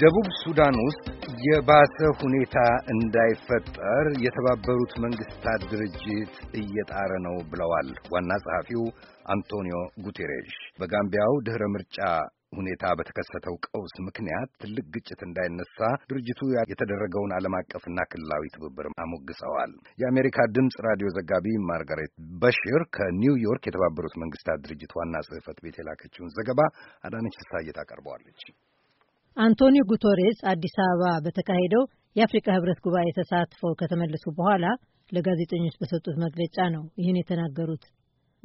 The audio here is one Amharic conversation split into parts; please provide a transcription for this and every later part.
ደቡብ ሱዳን ውስጥ የባሰ ሁኔታ እንዳይፈጠር የተባበሩት መንግስታት ድርጅት እየጣረ ነው ብለዋል ዋና ጸሐፊው አንቶኒዮ ጉቴሬሽ። በጋምቢያው ድኅረ ምርጫ ሁኔታ በተከሰተው ቀውስ ምክንያት ትልቅ ግጭት እንዳይነሳ ድርጅቱ የተደረገውን ዓለም አቀፍና ክልላዊ ትብብር አሞግሰዋል። የአሜሪካ ድምፅ ራዲዮ ዘጋቢ ማርጋሬት በሽር ከኒውዮርክ የተባበሩት መንግስታት ድርጅት ዋና ጽሕፈት ቤት የላከችውን ዘገባ አዳነች ፍሳየት አቀርበዋለች። አንቶኒዮ ጉተሬስ አዲስ አበባ በተካሄደው የአፍሪካ ህብረት ጉባኤ ተሳትፈው ከተመለሱ በኋላ ለጋዜጠኞች በሰጡት መግለጫ ነው ይህን የተናገሩት።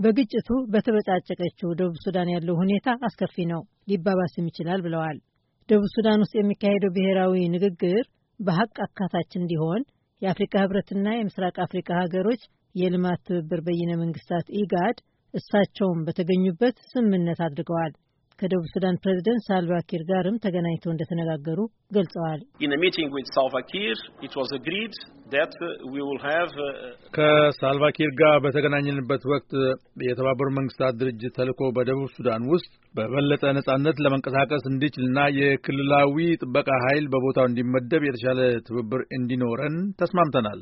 በግጭቱ በተበጫጨቀችው ደቡብ ሱዳን ያለው ሁኔታ አስከፊ ነው። ሊባባስም ይችላል ብለዋል። ደቡብ ሱዳን ውስጥ የሚካሄደው ብሔራዊ ንግግር በሀቅ አካታች እንዲሆን የአፍሪካ ህብረትና የምስራቅ አፍሪካ ሀገሮች የልማት ትብብር በይነ መንግስታት ኢጋድ እሳቸውም በተገኙበት ስምምነት አድርገዋል። ከደቡብ ሱዳን ፕሬዝደንት ሳልቫኪር ጋርም ተገናኝተው እንደተነጋገሩ ገልጸዋል። uh, ከሳልቫኪር ጋር በተገናኘንበት ወቅት የተባበሩ መንግስታት ድርጅት ተልእኮ በደቡብ ሱዳን ውስጥ በበለጠ ነጻነት ለመንቀሳቀስ እንዲችልና የክልላዊ ጥበቃ ኃይል በቦታው እንዲመደብ የተሻለ ትብብር እንዲኖረን ተስማምተናል።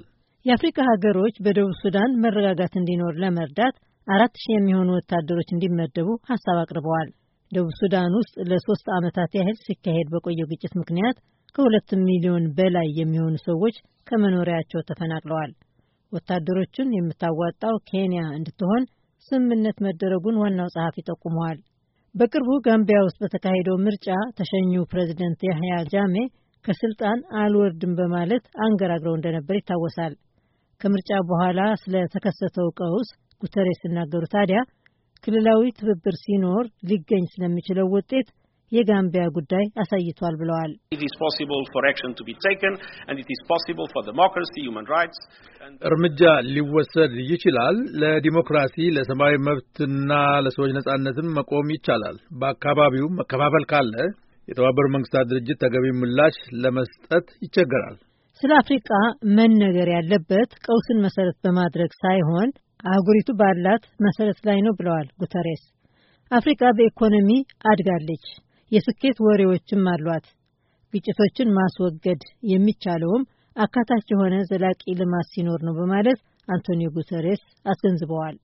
የአፍሪካ ሀገሮች በደቡብ ሱዳን መረጋጋት እንዲኖር ለመርዳት አራት ሺህ የሚሆኑ ወታደሮች እንዲመደቡ ሀሳብ አቅርበዋል። ደቡብ ሱዳን ውስጥ ለሶስት ዓመታት ያህል ሲካሄድ በቆየው ግጭት ምክንያት ከሁለት ሚሊዮን በላይ የሚሆኑ ሰዎች ከመኖሪያቸው ተፈናቅለዋል። ወታደሮቹን የምታዋጣው ኬንያ እንድትሆን ስምምነት መደረጉን ዋናው ጸሐፊ ጠቁመዋል። በቅርቡ ጋምቢያ ውስጥ በተካሄደው ምርጫ ተሸኙ ፕሬዚደንት ያህያ ጃሜ ከስልጣን አልወርድም በማለት አንገራግረው እንደነበር ይታወሳል። ከምርጫ በኋላ ስለተከሰተው ቀውስ ጉተሬስ ሲናገሩ ታዲያ ክልላዊ ትብብር ሲኖር ሊገኝ ስለሚችለው ውጤት የጋምቢያ ጉዳይ አሳይቷል ብለዋል። እርምጃ ሊወሰድ ይችላል። ለዲሞክራሲ ለሰብአዊ መብትና ለሰዎች ነጻነትም መቆም ይቻላል። በአካባቢው መከፋፈል ካለ የተባበሩት መንግስታት ድርጅት ተገቢ ምላሽ ለመስጠት ይቸገራል። ስለ አፍሪቃ መነገር ያለበት ቀውስን መሰረት በማድረግ ሳይሆን አህጉሪቱ ባላት መሰረት ላይ ነው ብለዋል ጉተሬስ። አፍሪካ በኢኮኖሚ አድጋለች፣ የስኬት ወሬዎችም አሏት። ግጭቶችን ማስወገድ የሚቻለውም አካታች የሆነ ዘላቂ ልማት ሲኖር ነው በማለት አንቶኒዮ ጉተሬስ አስገንዝበዋል።